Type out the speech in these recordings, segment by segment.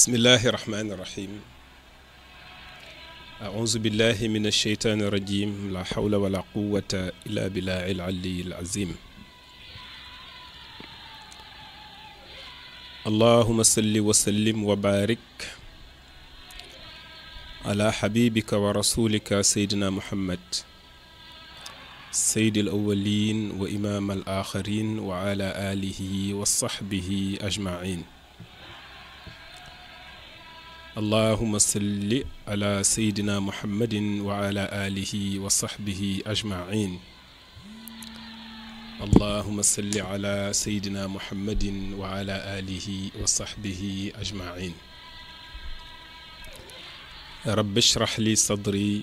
بسم الله الرحمن الرحيم أعوذ بالله من الشيطان الرجيم لا حول ولا قوة إلا بالله العلي العظيم اللهم صل وسلم وبارك على حبيبك ورسولك سيدنا محمد سيد الأولين وإمام الآخرين وعلى آله وصحبه أجمعين اللهم صل على سيدنا محمد وعلى آله وصحبه أجمعين اللهم صل على سيدنا محمد وعلى آله وصحبه أجمعين رب اشرح لي صدري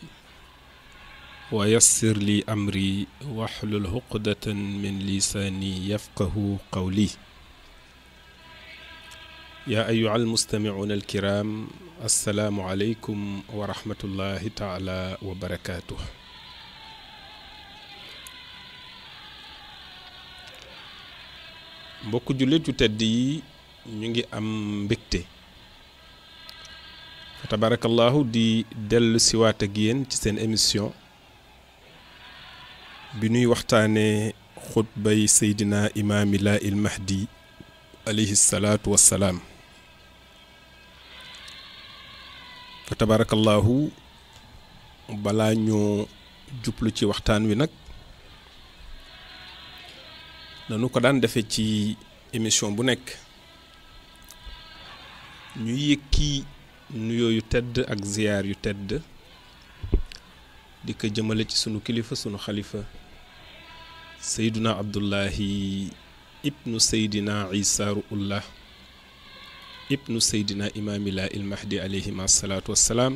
ويسر لي أمري واحلل عقدة من لساني يفقه قولي يا أيها المستمعون الكرام السلام عليكم ورحمة الله تعالى وبركاته mbokk jullitu tedd yi ñu ngi am mbégte fa tabarakallahu di dellu siwaat ak yéen ci seen émission bi nuy waxtaane xutbay seydina imaami laa il mahdi alayhi salaatu wassalaam تبارك الله بلا نيو جوبلو تي وقتان وي نك نانو كو دان دافي تي ايميسيون بو نك نيو يكي نيو يو تيد اك زيار يو تيد ديكا جمالي تي سونو كليفه سونو خليفه سيدنا عبد الله ابن سيدنا عيسى رؤ الله ibnu seydina imaamilaa il mahdi alayhima salaatu wassalaam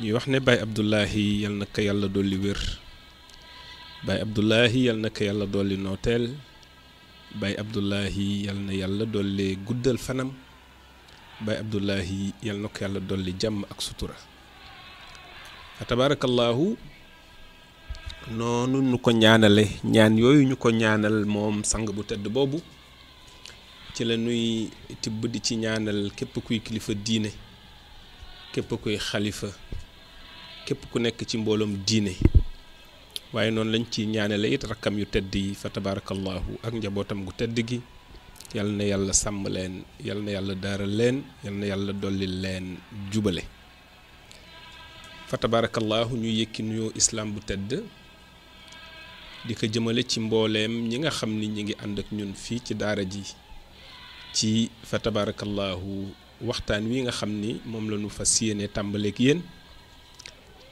ñuy wax ne baay abdullahi yal na ko yàlla dolli wér baay abdullahi yal na ko yàlla dolli nooteel baay abdullahi yal na yàlla dolli guddal fanam baay abdullahi yal na ko yàlla dolli jàmm ak sutura fa tabaarakallaahu noonu ñu ko ñaanale ñaan yooyu ñu ko ñaanal moom sang bu tedd boobu ci la nuy tibb di ci ñaanal képp kuy kilifa diine képp kuy xalifa képp ku nekk ci mbooloom diine waaye noonu lañ ci ñaanale it rakkam yu tedd yi fa tabaarakallaahu ak njabootam gu tedd gi yal na yàlla sàmm leen yal na yàlla daaral leen yal na yàlla dolli leen jubale fa tabaarakallaahu ñu yëkki nuyoo islaam bu tedd di ko jëmale ci mbooleem ñi nga xam ni ñi ngi ànd ak ñun fii ci daara ji ci fa tabarakallahu waxtaan wi nga xam ni moom la ñu fas yéene tàmbaleeg yéen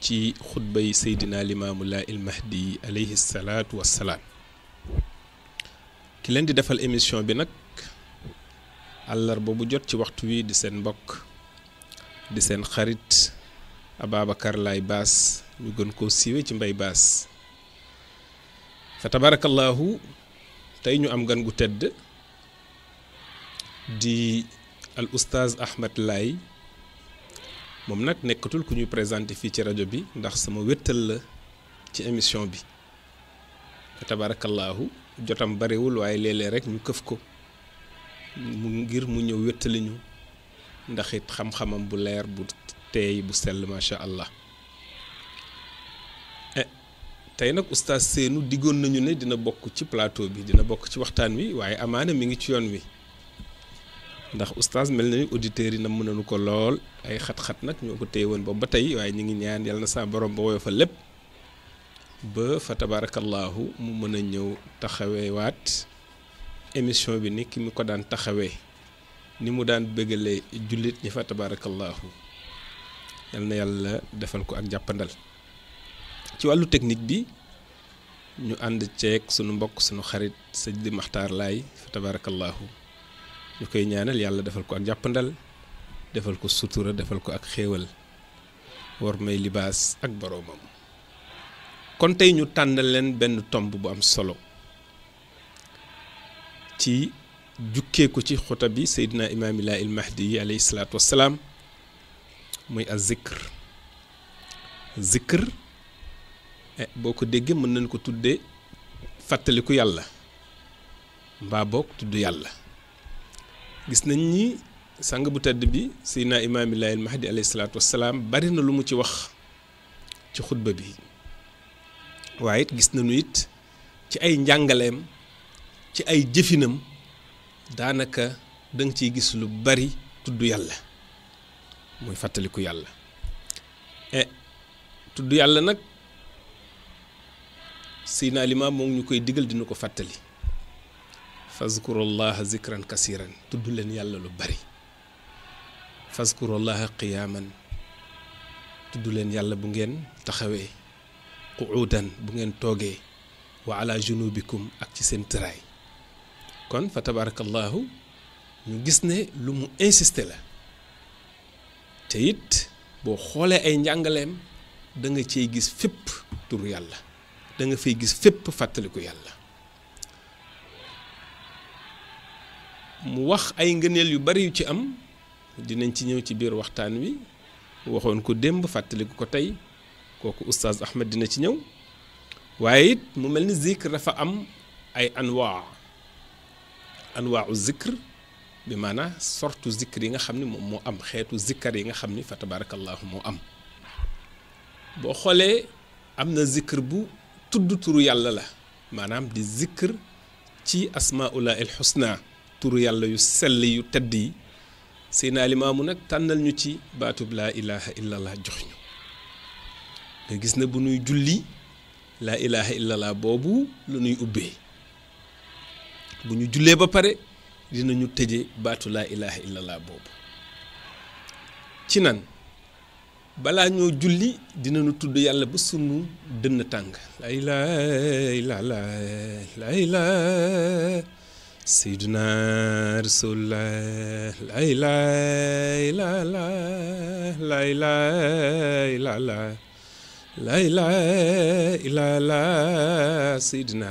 ci xutbay seydina limaamullah il mahdi alayhi salaatu wassalaam ki leen di defal émission bi nag àllarba bu jot ci waxtu wi di seen mbokk di seen xarit Ababacar lay Bass ñu gën koo siiwe ci mbay Bass fa tabarakallahu tey ñu am gan gu tedd di al oustaz Ahmed Laye moom nag nekkatul ku ñuy présenté fii ci rajo bi ndax sama wéttal la ci émission bi tabaarakallaahu jotam barewul waaye léeg-léeg rek ñu këf ko mu ngir mu ñëw wéttali ñu ndax it xam-xamam bu leer bu teey bu sell macha allah eh, tey nag oustaz seenu diggoon nañu ne dina bokk ci palateau bi dina bokk ci waxtaan wi waaye amaana mi ngi ci yoon wi. ndax oustaz mel na ni auditeurs yi na mën ko lool ay xat-xat nag ñoo ko téye woon boobu ba tey waaye ñu ngi ñaan yàlla na saa borom ba woyo fa lépp ba fa tabaarakallaahu mu mën a ñëw taxaweewaat émission bi ni ki mu ko daan taxawee ni mu daan bëggalee jullit ñi fa tabaarakallaahu yal na yàlla defal ko ak jàppandal ci wàllu technique bi ñu ànd ceeg sunu mbokk sunu xarit sëñ di laay fa tabaarakallaahu ñu koy ñaanal yàlla defal ko ak jàppandal defal ko sutura defal ko ak xéewal war may libaas ak boroomam kon tey ñu tànnal leen benn tomb bu am solo ci jukkee ko ci xuta bi seydina imaamilaa il mahdi yi alayhi salaatu wassalaam muy a zikr zikr eh, boo ko déggee mën nañ ko tuddee fàttaliku yàlla mbaa boog tudd yàlla gis nañ ni sang bu tedd bi Seydina Imaamilaahi al-Mahdi wassalaam bari na lu mu ci wax ci xutba bi waaye gis nañu it ci ay njàngaleem ci ay jëfinam daanaka danga ciy gis lu bari tudd yàlla mooy fàttaliku yàlla e, tudd yàlla nag Seydina Limaam moom ñu koy digal dina ko fàttali fazkurullaha zikran kasiran tudd leen yàlla lu bari fazkurullaha qiyaaman tudd leen yàlla bu ngeen taxawee quudan bu ngeen toogee wa ala junubikum ak ci seen tëraay kon fa tabarakallahu ñu gis ne lu mu insisté la te it boo xoolee ay njàngaleem da nga cey gis fépp turu yàlla da nga fay gis fépp fàttaliku yàlla mu wax ay ngëneel yu bari yu ci am dinañ ci ñëw ci biir waxtaan wi waxoon ko démb fàttaliku ko tey kooku oustaz Ahmed dina ci ñëw waaye it mu mel ni zikr dafa am ay anwaa anwaau zikr bi maanaa sortu zikr yi nga xam ni moom moo am xeetu zikkar yi nga xam ni fa tabarakallahu moo am boo xoolee am na zikr bu tudd turu yàlla la maanaam di zikr ci asmaullahi al husna turu yàlla yu sell yu tedd yi Seydina Limaamu nag tànnal ñu ci baatub laa ilaha illallah jox ñu nga gis na bu nuy julli laa ilaha illallah boobu lu nuy ubbee bu ñu jullee ba pare dinañu tëje baatu laa ilaha illallah boobu ci nan balaa ñoo julli dinañu tudd yàlla ba sunu dënn tàng laa ilaha laa ilaha seyduna rasulullah lay lay la la lay lay la la lay lay la la seyduna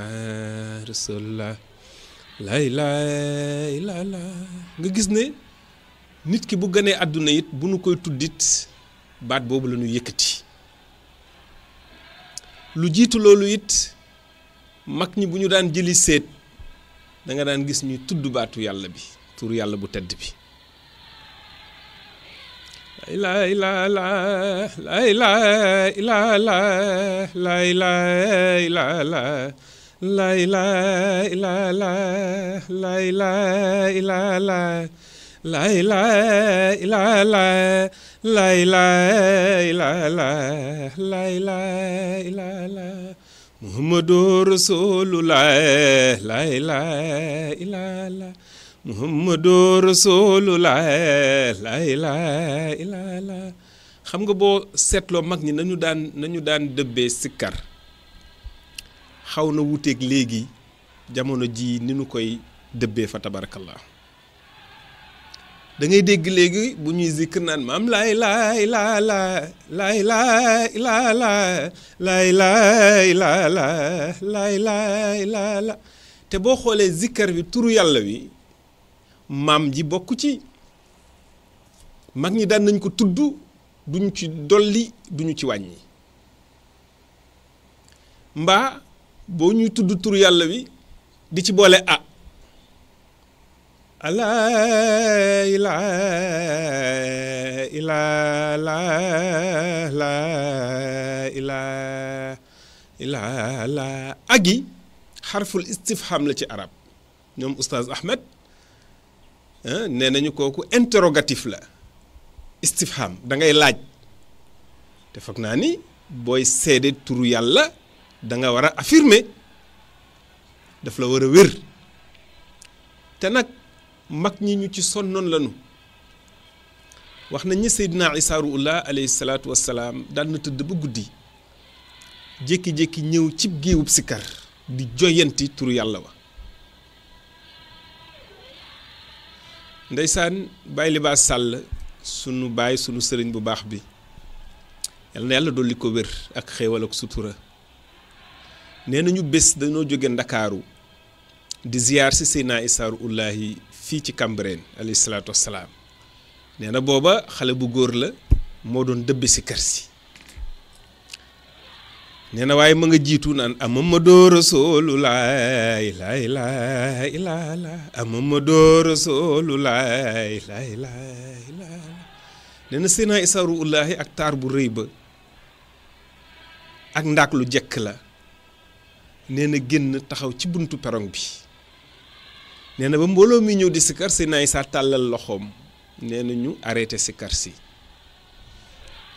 rasulullah lay lay la nga gis ne nit ki bu gënee àdduna it bu nu koy tuddit baat boobu la ñu lu jiitu loolu it mag ñi bu ñu daan jëli seet danga daan gis ñu tudd baatu yàlla bi tur yàlla bu tëdd bi laa ilaa laa laa ilaa ilaa laa laa ilaa ilaa laa laa ilaa ilaa laa laa ilaa ilaa laa laa ilaa Muhammadu Rasulullah la ilaha illallah Muhammadu Rasulullah la ilaha illallah xam nga boo seetloo mag ñi nañu daan nañu daan dëbbee sikkar xaw na wuuteeg léegi jamono ji ni nu koy dëbbee fa tabarakallah da ngay dégg léegi bu ñuy zikr naan maam lay laay laa laa laay laay laa laa laay laay laa laa laay laay laa la te boo xoolee zikkar bi turu yàlla wi maam ji bokk ci mag ñi daan nañ ko tudd duñu ci dolli ñu ci wàññi mbaa boo ñuy tudd turu yàlla wi di ci boole a la ilaha illa la la ilaha illa la agi xarful istifham la ci arab ñoom oustaz Ahmed ah, nee nañu kooku interrogatif la istifham da ngay laaj te foog naa ni booy seede turu yàlla da nga war a affirmer daf la war a wér te nag. mag ñi ñu ci sonnoon lañu wax nañ ñi Seydina Isaa Ruuhullah alayhi salaatu wassalaam daan tëdd ba guddi jékki-jékki ñëw cib géewub sikkar di joyanti turu yàlla wa ndeysaan bàyyi libaas sàll sunu bàyyi sunu sëriñ bu baax bi yàlla na yàlla dolli ko wér ak xéewal ak sutura nee nañu bés dañoo jóge ndakaaru di ziyaar si Seydina Isaa Ruuhullahi fii ci Cambérène alayhi salaatu wassalaam nee booba xale bu góor la moo doon dëbbi si kër si nee na waaye mu nga jiitu naan amamadou rasulullaay laay laay laa la amamadou rasulullaay laay laay seenaa isaaru ullaahi ak taar bu rëy ba ak ndaak lu jekk la nee génn taxaw ci buntu perong bi nee na ba mbooloo mi ñëw di sikar si naay sa tàllal loxoom nee na ñu arrêté sikar si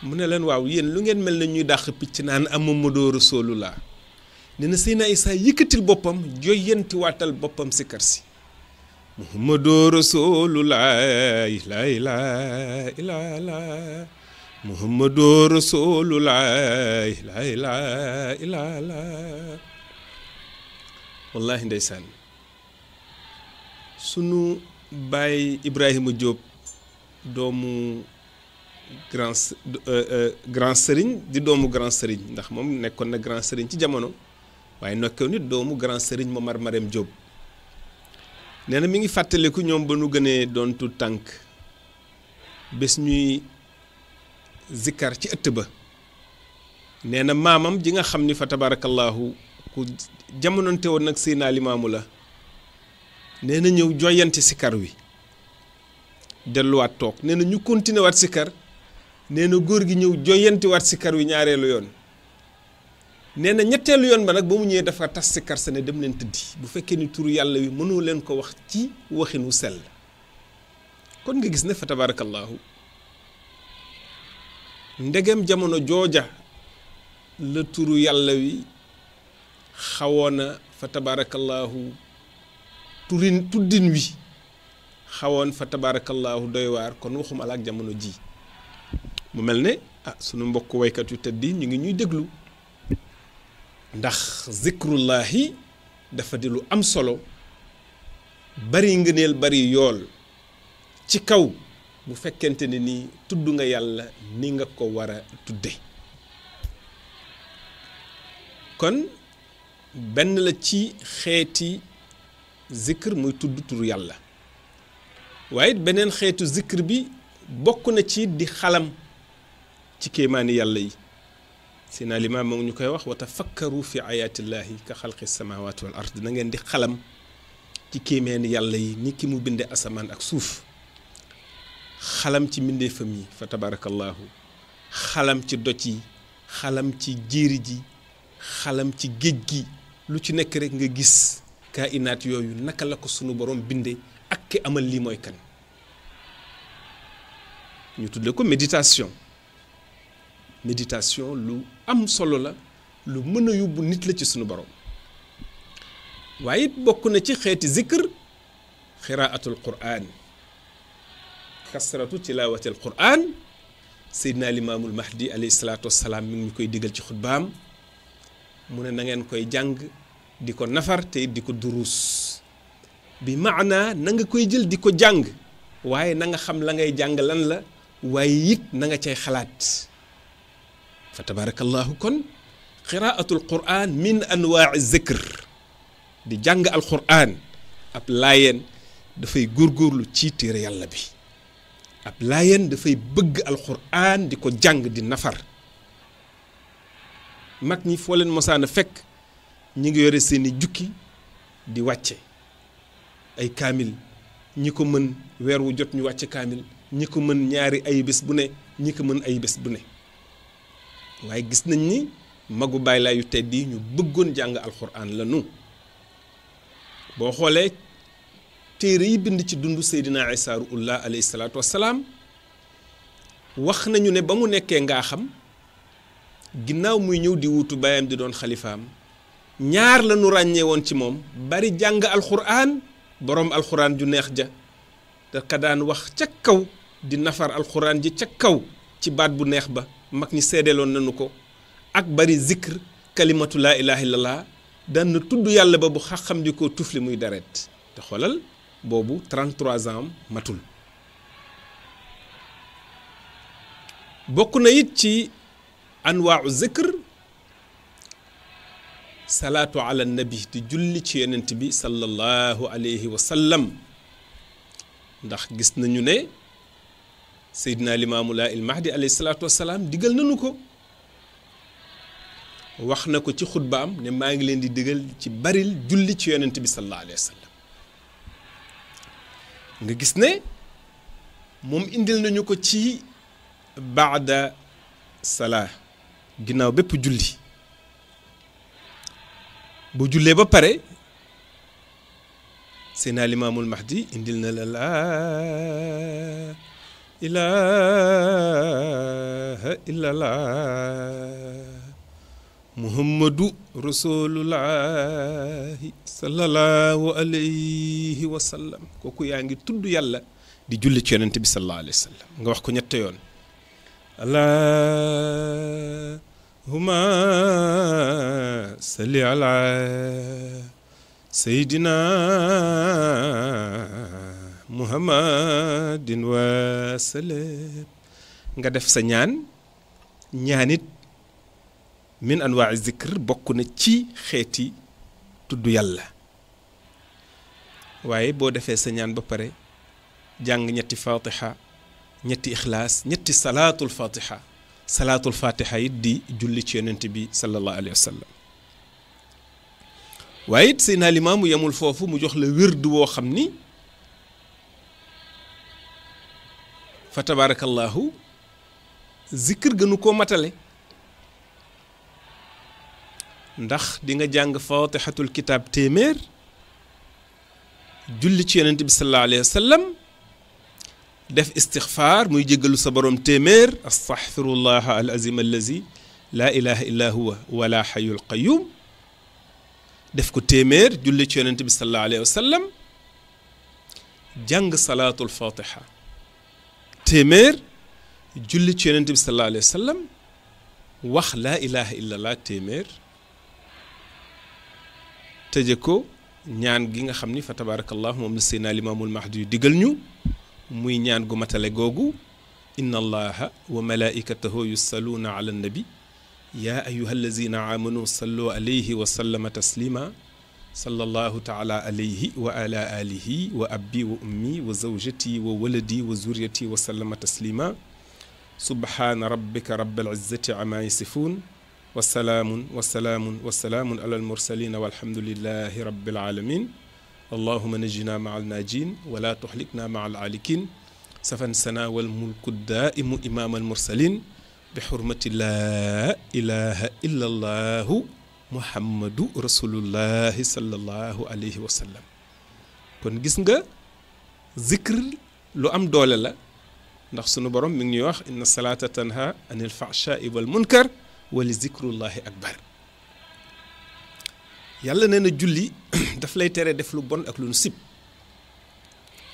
mu ne leen waaw yéen lu ngeen mel ne ñuy dàq picc naan Muhammadu Rasulullah nee na Seydina Isa yëkkatil boppam yenti waatal boppam sikar si Muhammadu Rasulullah la ilaha illallah Muhammadu Rasulullah la ilaha illallah wallahi ndeysaan sunu baay Ibrahima jóob doomu grand euh, euh, grand sëriñ di doomu grand sëriñ ndax moom nekkoon na grand sëriñ ci jamono waaye nokkew nit doomu grand sëriñ Momar Marème Diop nee na mi ngi fàttaliku ñoom ba nu gënee doon tànk bés ñuy zikkar ci ëtt ba nee na maamam ji nga xam ni fa tabaarakallaahu ku jamononte woon nag Seydina Limaamu la nee na ñëw joyanti sikar wi delluwaat toog nee na ñu continué waat sikar nee na góor gi ñëw joyanti waat sikar wi ñaareelu yoon nee na ñetteelu yoon ba nag ba mu ñëwee dafa tas sikar sa ne dem leen tëdd bu fekkee ni turu yàlla wi mënoo leen ko wax ci waxinu sell kon nga gis ne fa tabaarakallaahu ndegem jamono jooja la turu yàlla wi xawoon na fa tabaarakallaahu turin tudin wi xawon fa tabarakallah doy war kon waxuma lak jamono ji mu melne ah sunu mbokk kat yu teddi ñu ngi ñuy deglu ndax zikrullahi dafa di lu am solo bari ngeenel bari yol ci kaw bu fekente ni tuddu nga yalla ni nga ko wara tudde kon ben la ci zikr muy tudd turu yàlla waaye beneen xeetu zikr bi bokk na ci di xalam ci kéemaani yàlla yi sina limaam moo ñu koy wax wa tafakkaru fi ayaatillahi ka xalqi samawaati wal ard na ngeen di xalam ci kéemaani yàlla yi ni ki mu bindee asamaan ak suuf xalam ci mbindeefam yi fa tabarakallahu xalam ci doj yi xalam ci jéeri ji xalam ci géej gi lu ci nekk rek nga gis kainaat yooyu naka la ko sunu borom bindee ak ki amal lii mooy kan ñu tudde ko méditation méditation lu am solo la lu mën a yóbbu nit la ci sunu borom waaye bokk na ci xeeti zikr xiraatul quraan kasratu tilaawatil quraan seydina limaamul mahdi alayhi salaatu wassalaam mu ngi ñu koy diggal ci xutbaam mu ne nangeen koy jàng di ko nafar te di ko duruus bi maanaa nanga koy jël di ko jàng waaye nanga xam la ngay jàng lan la waaye it na nga cay xalaat fa tabarakallahu kon qiraatul quraan min anwaa'i zikr di jàng alquraan ab laayeen dafay góorgóorlu ci téere yàlla bi ab laayeen dafay bëgg alquraan di ko jàng di nafar mag ñi foo leen mosaana fekk ñi ngi yore seeni jukki di wàcce ay kaamil ñi ko mën weer wu jot ñu wàcce kaamil ñi ko mën ñaari ay bés bu ne ñi ko mën ay bés bu ne waaye gis nañ ni magu baay laay yu tedd yi ñu bëggoon jàng alxuraan la boo xoolee téere yi bind ci dund seydinaa Isaa ruullah alayhi salaatu wax nañu ne ba mu nekkee ngaa xam ginnaaw muy ñëw di wutu baayam di doon xalifaam ñaar la ñu ràññee woon ci moom bari jàng alxuraan boroom alxuraan ju neex ja te ka daan wax ca kaw di nafar alxuraan ji ca kaw ci baat bu neex ba mag ñi seedeeloon nañu ko ak bari zikr kalimatu laa ilaha illallah daan tudd yàlla ba bu xam di ko tufli muy daret te xoolal boobu 33 ans matul bokk na it ci anwaau zikr salatu ala nabi di julli ci yonent bi sallallahu alayhi wa sallam ndax gis nañu ne seydina limaamu laa il mahdi alayhi salaatu wa salaam digal nañu ko wax na ko ci xutbaam ne maa ngi leen di digal ci baril julli ci yonent bi sallallahu alayhi wa sallam nga gis ne moom indil nañu ko ci baada salaa ginnaaw bépp julli bu jullee ba pare Seydina Limaamul Mahdi indil na la laa ilaaha illallah muhammadu rasulullah sallallahu alayhi wa sallam kooku yaa ngi tudd yàlla di julli ci yonent bi sallallahu alayhi wa sallam nga wax ko ñett yoon allah هما صل على سيدنا muhammadin wa nga def sa ñaan ñaanit min anwaa zikr bokku na ci xéeti tuddu yalla waye bo defé sa ñaan ba paré jang ñetti fatiha ñetti ikhlas ñetti salatul fatiha al fatiha yiddi di julli ci yonent bi sallallahu alayhi wasallam sallam waaye al-imam yamul fofu mu jox le wird woo xamni fa tabaarakallaahu zikr gënu ko matale ndax di nga jàng fatihatul kitab temer julli ci yonent bi sallallahu alayhi wasallam def istixfaar muy jéggalu sa borom téeméer astaxfirullah al azim allazi laa ilaha illa huwa wala xayul qayum def ko téeméer julli ci yonente bi salallahu alayhi wa sallam jàng salatul fatiha téeméer julli ci yonente bi salallahu alayhi wa sallam wax la ilaha illallah téeméer tëje ko ñaan gi nga xam ni fa tabaarakallahu moom la Seydina Limaamul Mahdi yu digal ñu مينيان ñaan gu matale googu inna allaha wa malaikatahu yusalluna ala nabi ya ayuha allazina amanu sallu alayhi صلى الله تعالى عليه وعلى آله وأبي وأمي وزوجتي وولدي وزوريتي وسلم تسليما سبحان ربك رب العزة عما يصفون وسلام وسلام وسلام على المرسلين والحمد لله رب العالمين اللهم نجنا مع الناجين ولا تحلقنا مع العالكين سفنسنا والملك الدائم إمام المرسلين بحرمة لا إله إلا الله محمد رسول الله صلى الله عليه وسلم كن جسنجا ذكر لو أم دولة لا برم من يوح إن الصلاة ngi عن الفحشاء والمنكر ولذكر الله أكبر yàlla nee na julli daf lay tere def lu bon ak lu nu sib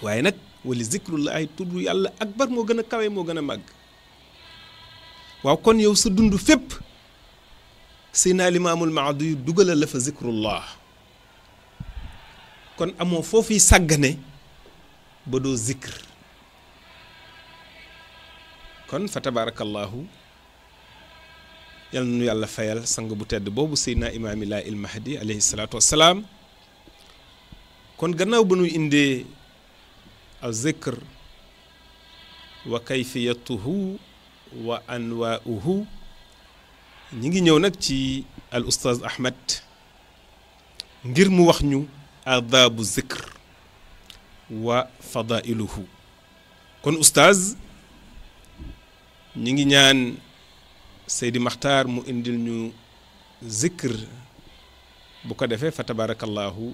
waaye nag wali zikrullahi tudd yàlla akbar moo gën a kawe moo gën a màgg waaw kon yow sa dund fépp sayna limamul Mahdi dugala la fa zikrullah kon amoo foofuy sàggane ba doo zikr kon fa tabarakallahu yal na nu yàlla fayal sang bu tedd boobu seydina imaamilaa il mahdi alayhi salaatu wassalaam kon gannaaw ba nu indee al zikr wa kayfiyatuhu wa anwaauhu ñi ngi ñëw nag ci al ustaaz ahmed ngir mu wax ñu adaabu zikr wa fadailuhu kon ustaaz ñi ngi ñaan Seydi Makhtar mu indil ñu zikr bu ko defee fa tabaarakallaahu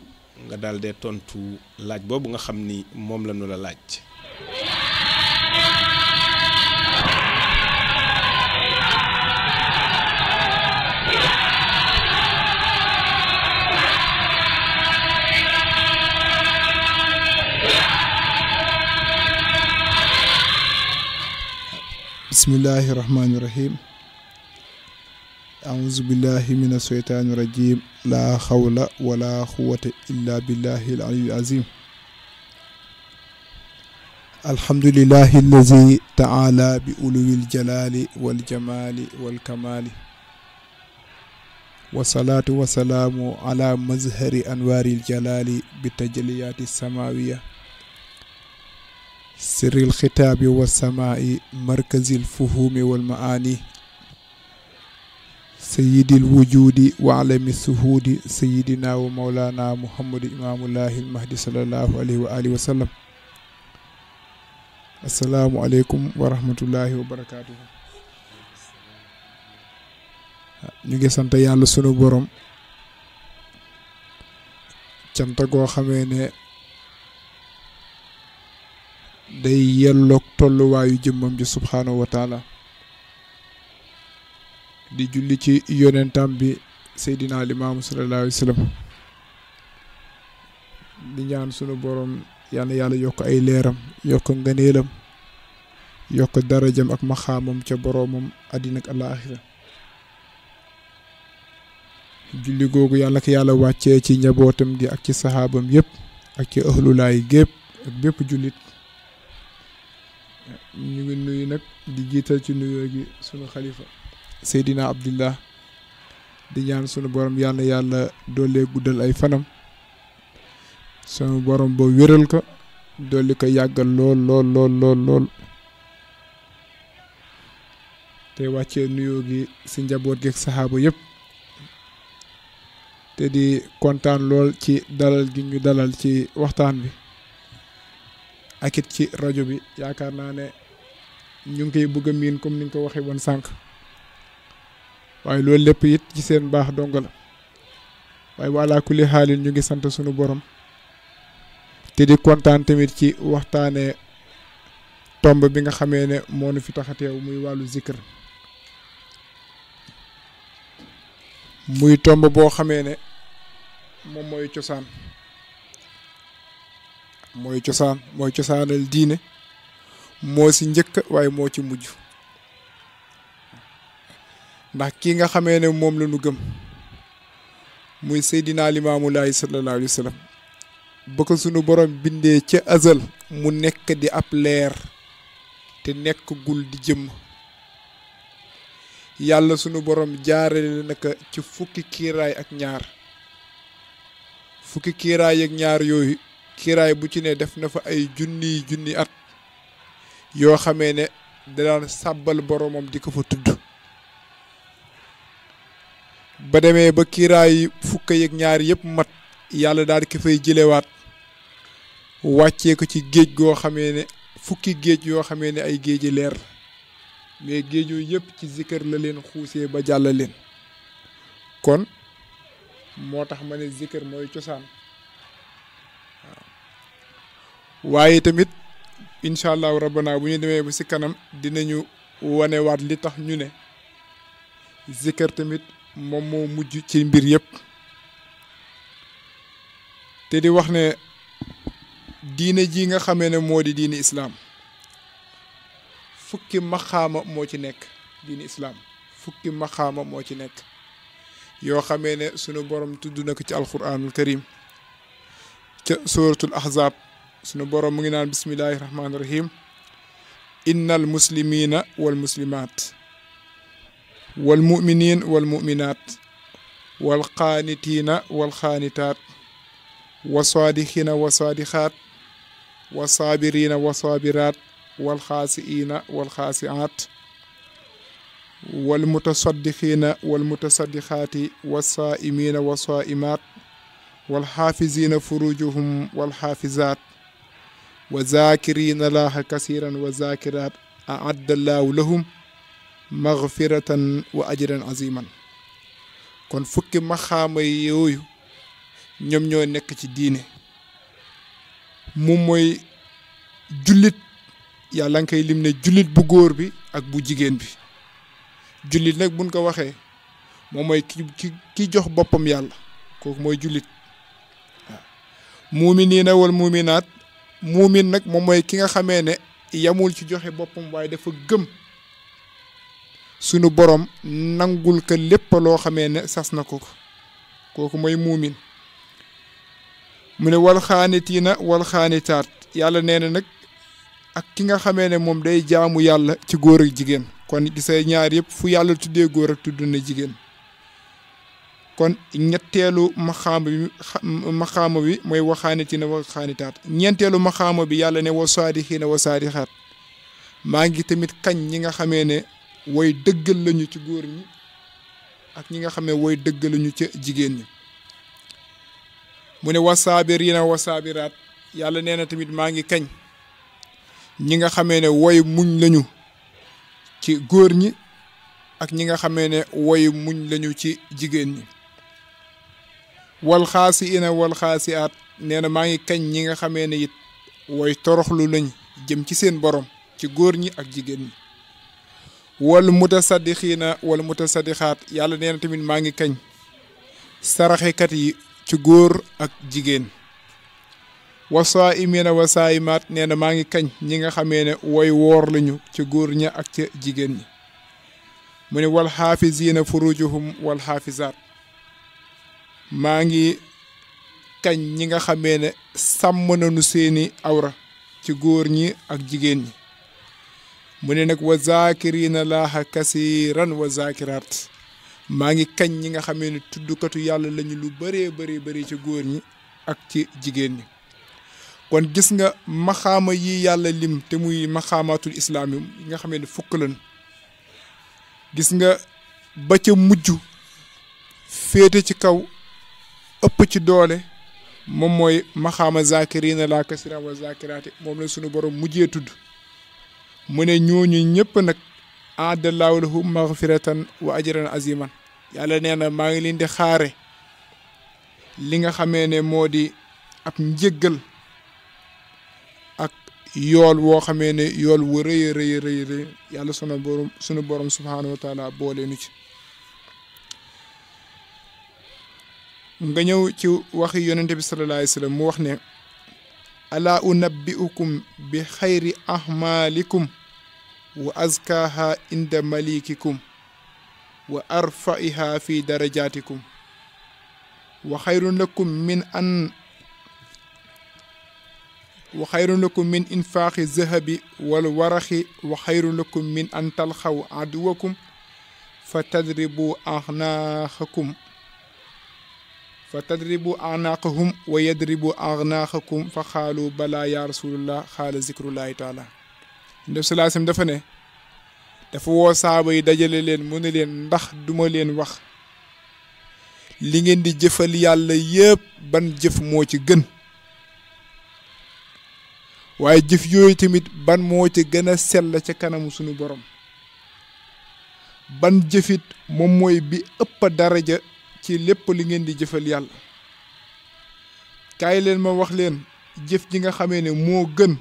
nga daal dee tontu laaj boobu nga xam ni moom la nu la laaj. أعوذ بالله من الشيطان الرجيم لا حول ولا قوة إلا بالله العلي العظيم الحمد لله الذي تعالى بألو الجلال والجمال والكمال والصلاة والسلام على مزهر أنوار الجلال بالتجليات السماوية سر الخطاب والسماء مركز الفهوم والمعاني sayidil wujudi wa alami suhuudi sayidina wa mawlana muhammadu imaamullahi almahdi salallahu alayhi wa alihi wa sallam asalaamu aleykum sant yàlla sunu borom cant goo xamee ne day yelloog tolluwaayu jëmmam ji subhaanahu wa di julli ci yonentam bi seydina limaamu sallallahu alayhi di ñaan sunu borom yàlla yàlla yokk ay leeram yokk ngëneelam yokk darajam ak maxaamam ca boroomam àddina ak alaaxira julli googu yàlla ko yàlla wàccee ci njabootam gi ak ci saxaabam yëpp ak ci ahlulaay gépp ak bépp jullit ñu ngi nuyu nag di jiital ci nuyoo sunu xalifa Seydina Abdillah di ñaan sunu borom yàlla yàlla doole guddal ay fanam sunu borom ba wéral ko doole ko yàggal lool lool lool te wàcce nuyoo gi si njaboot gi ak saxaaba yëpp te di kontaan lool ci dalal gi ñu dalal ci waxtaan bi ak it ci rajo bi yaakaar naa ne ñu ngi koy bëgg a miin comme ni nga ko waxee woon sànq. waaye loolu lépp it ci seen baax dong la waaye wala kulli xaalin ñu ngi sant sunu borom te di kontaan tamit ci waxtaanee tomb bi nga xamee ne moo nu fi tax muy wàllu zikr muy tomb boo xamee ne moom mooy cosaan mooy cosaan mooy cosaanal diine moo si njëkk waaye moo ci mujj ndax kii nga xamee ne moom la gëm muy Seydina Limaamu Laay sallallahu alayhi ba ko sunu borom bindee ca azal mu nekk di ab leer te nekkagul di jëmm yàlla sunu borom jaarale naka ci fukki kiiraay ak ñaar fukki kiiraay ak ñaar yooyu kiiraay bu ci ne def na fa ay junniy junni at yoo xamee ne da daan sàbbal boromam di ko fa tudd ba demee ba kiiraay fukk yeeg ñaar yëpp mat yàlla daal di fay jëlewaat wàccee ko ci géej goo xamee ne fukki géej yoo xamee ne ay géeji leer mais géej yooyu yëpp ci zikkër la leen xuusee ba jàll leen kon moo tax ma ne zikkër mooy cosaan waaye tamit incha allahu rabbana bu ñu demee ba si kanam dinañu wanewaat li tax ñu ne zikkër tamit moom moo mujj ci mbir yépp te di wax ne diine ji nga xame ne moo di diine islaam fukki maxaama moo ci nekk diine fukki maxaama moo ci nekk yoo xamee ne sunu borom tudd na ko ci alquranul karim ca suratul ahzab sunu borom mu ngi naan bismillahi rahmaani rahim innal muslimina wal muslimat والمؤمنين والمؤمنات والقانتين والخانتات والصادقين والصادقات والصابرين والصابرات والخاسئين والخاسعات والمتصدقين والمتصدقات والصائمين والصائمات والحافزين فروجهم والحافزات وذاكرين الله كثيرا وذاكرات أعد الله لهم maghfiratan wa ajran aziman kon fukki maxaama yooyu ñoom ñoo nekk ci diine moom mooy jullit yàlla nga koy lim ne jullit bu góor bi ak bu jigéen bi jullit nag buñ ko waxee moom mooy ki jox boppam yàlla kooku mooy jullit waaw muuminiina wal muuminaat muumin nag moom mooy ki nga xamee ne yamul ci joxe boppam waaye dafa gëm sunu borom nangul ko lépp loo xamee ne sas na ko ko kooku mooy muumin mu ne wal xaanitiina wal xaanitaat yàlla nee na nag ak ki nga xamee ne moom day jaamu yàlla ci góor a jigéen kon gisay ñaar yëpp fu yàlla tuddee góor ak tudd na jigéen kon ñetteelu maxaama bi maxaama bi mooy waxaanitina waxaanitaat ñeenteelu maxaama bi yàlla ne wa saadixiina wa saadixaat maa ngi tamit kañ ñi nga xamee ne woy dëggal lañu ci góor ñi ak ñi nga xam ne woy dëggal lañu ci jigéen ñi mu ne wasaabir wasaabiriina wasaabiraat yàlla nee na tamit maa ngi kañ ñi nga xamee ne woy muñ lañu ci góor ñi ak ñi nga xamee ne woy muñ lañu ci jigéen ñi walxaasi xaasi ina wal xaasi aat nee na maa ngi kañ ñi nga xamee ne it woy toroxlu lañ jëm ci seen borom ci góor ñi ak jigéen ñi wal mutasaddixiina wal mutasaddixaat yàlla nee na tamit maa ngi kañ saraxekat yi ci góor ak jigéen wa saa'imiina wa saa'imaat nee na maa ngi kañ ñi nga xamee ne woy woor lañu ci góor ña ak ci jigéen ñi mu ne wal xaafiziina furujuhum wal xaafizaat maa ngi kañ ñi nga xamee ne sàmm nañu seeni awra ci góor ñi ak jigéen ñi mu ne nag wa zakirina laha kasiran wa zakirat maa ngi kañ ñi nga xamee ne tuddkatu yàlla lañu lu bëree bëri bëri ci góor ñi ak ci jigéen ñi kon gis nga maxaama yi yàlla lim te muy maxaamaatul islaam yi nga xamee ne fukk lañ gis nga ba ca mujj féete ci kaw ëpp ci doole moom mooy maxaama zakirina laa kasira wa zaakiraati moom la suñu borom mujjee tudd mune ñooñu ñëpp nag aadallaahu lahum magfiratan wa ajran aziman yàlla nee na maa ngi leen di xaare li nga xamee ne moo di ab njëggal ak yool woo xamee ne yool wu rëy rëy rëy rëy yàlla sunu borom sunu borom subhanahu wa taala boole nu ci nga ñëw ci waxi yonente bi sallallahu alayhi wasallam mu wax ne ala unabbi'ukum bi xayri ahmalikum وأزكاها عند مليككم وأرفعها في درجاتكم وخير لكم من أن وخير لكم من إنفاق الذهب والورق وخير لكم من أن تلخوا عدوكم فتدربوا أعناقكم فتدربوا أعناقهم ويدربوا أعناقكم فقالوا بلى يا رسول الله قال ذكر الله تعالى def salaasim dafa ne dafa woo saaba yi dajale leen mu ne leen ndax duma leen wax li ngeen di jëfal yàlla yépp ban jëf moo ci gën waaye jëf yooyu tamit ban moo ci gën a sell ci kanamu sunu boroom ban jëfit moom mooy bi ëpp daraja ci lépp li ngeen di jëfal yàlla kaay leen ma wax leen jëf ji nga xamee ni moo gën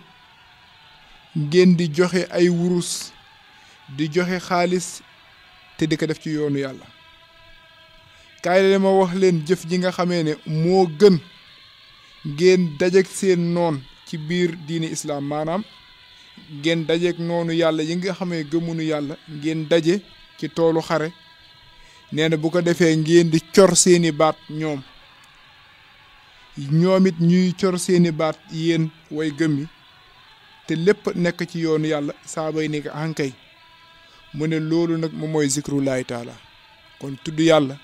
ngeen di joxe ay wurus di joxe xaalis te di ko def ci yoonu yàlla kaay leen ma wax leen jëf ji nga xamee ne moo gën ngeen dajeek seen noon ci biir diini islaam maanaam ngeen dajeek noonu yàlla yi nga xamee gëmunu yàlla ngeen daje ci toolu xare neena bu ko defee ngeen di cor seeni baat ñoom ñoom ñuy cor seeni baat yéen way gëm yi te lépp nekk ci yoonu yàlla saabay ni ko ankay mu ne loolu nag moom mooy zikrullahi taala kon tudd yàlla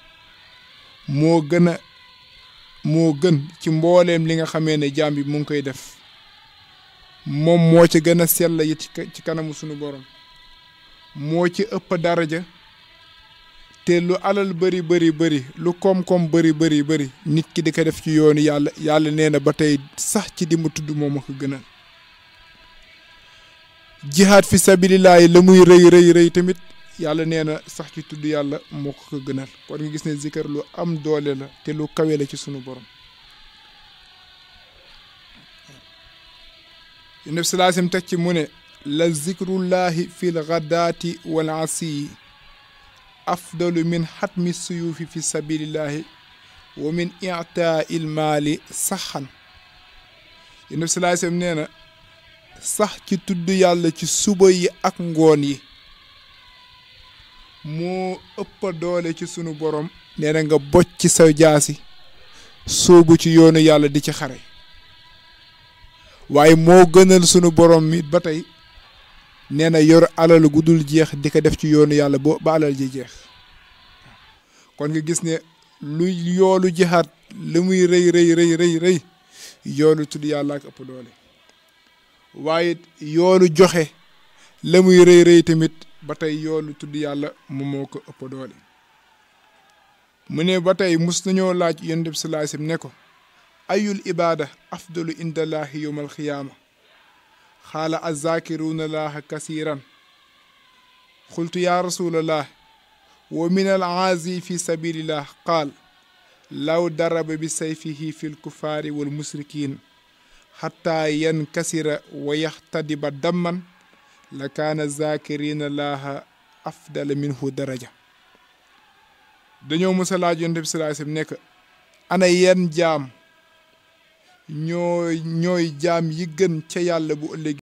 moo gën a moo gën ci mbooleem li nga xamee ne jaam bi mu ngi koy def moom moo ci gën a sell yi ci kanamu sunu borom moo ci ëpp daraja te lu alal bëri bari bari lu koom-koom bëri bari bëri nit ki di ko def ci yoonu yàlla yàlla nee na ba tey sax ci di mu tudd moom a ko jihaad fi sabilillahi la muy rëy rëy rëy tamit yàlla nee na sax ci tudd yàlla moo ko ko gënal kon nga gis ne zikar lu am doole la te lu kawe la ci sunu borom yunef salaasim teg ci mu ne la zikrullahi fi l ghadaati wal asiyi afdalu min xatmi suyuufi fi sabilillahi wa min itaa il maali saxan yunef salaasim nee na sax ci tudd yàlla ci suba yi ak ngoon yi moo ëpp doole ci sunu boroom nee na nga boj ci sa jaasi soobu ci yoonu yàlla di ci xare waaye moo gënal sunu borom mi ba tey nee na yor alal gu jeex di ko def ci yoonu yàlla bo ba alal ji jeex kon nga gis ne lu yoolu jihaat li muy rëy rëy rëy rëy rëy yoolu tudd yàlla ak ëpp doole waaye yoolu joxe la muy rëy rëy tamit ba tey yoolu tudd yàlla moom moo ko ëpp doole mu ne ba tey mus nañoo laaj yonent bi sallallahu alayhi wasallam ne ko ayul ibaada afdalu indallahi yowm alqiyaama xaala azzakiruuna laaha kasiran qultu ya rasulallah wa min al aazi fi sabilillah qaal law daraba bi sayfihi fi lkufaari wal musrikin xataa yan kasira wa yaxtadiba damman la kaana zakirina laaha afdala minhu daraja dañoo mës a laaj yonent bi sallallahu alayhi wasallam nekk ana yan jaam ñooy jaam yi gën ca yàlla bu ëllëg